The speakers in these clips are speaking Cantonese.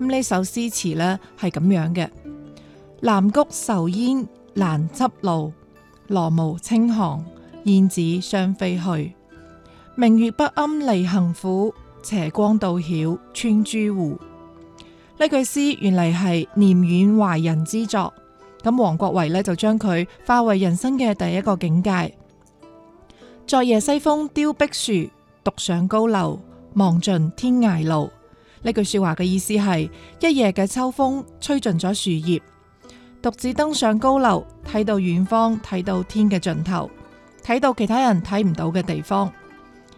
咁呢首詩詞呢，係咁樣嘅：檻菊愁煙蘭泣露，羅幕輕寒燕子雙飛去。明月不諳離恨苦，斜光到曉穿朱戶。呢句詩原嚟係念遠懷人之作，咁王國維呢，就將佢化為人生嘅第一個境界。昨夜西風凋碧，碧樹，獨上高樓，望盡天涯路。呢句說話嘅意思係一夜嘅秋風吹盡咗樹葉，獨自登上高樓，睇到遠方，睇到天嘅盡頭，睇到其他人睇唔到嘅地方。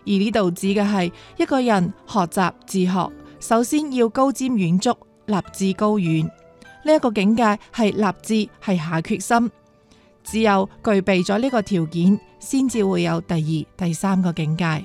而呢度指嘅係一個人學習自學，首先要高瞻遠矚，立志高遠。呢一個境界係立志，係下決心。只有具備咗呢個條件，先至會有第二、第三個境界。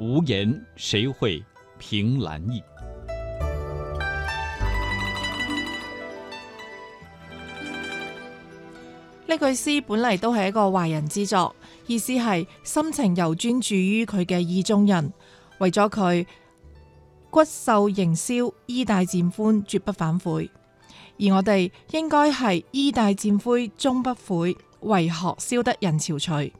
無言誰會憑欄意？呢句詩本嚟都係一個壞人之作，意思係心情又專注於佢嘅意中人，為咗佢骨瘦形銷，衣帶漸寬，絕不反悔。而我哋應該係衣帶漸寬終不悔，為何消得人憔悴？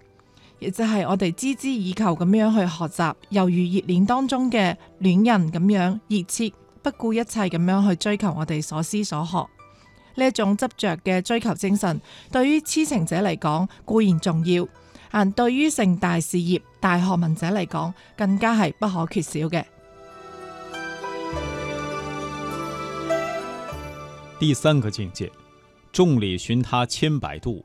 亦就係我哋孜孜以求咁樣去學習，猶如熱戀當中嘅戀人咁樣，熱切不顧一切咁樣去追求我哋所思所學。呢一種執着嘅追求精神，對於痴情者嚟講固然重要，但係對於成大事業、大學問者嚟講，更加係不可缺少嘅。第三個境界，眾裏尋他千百度。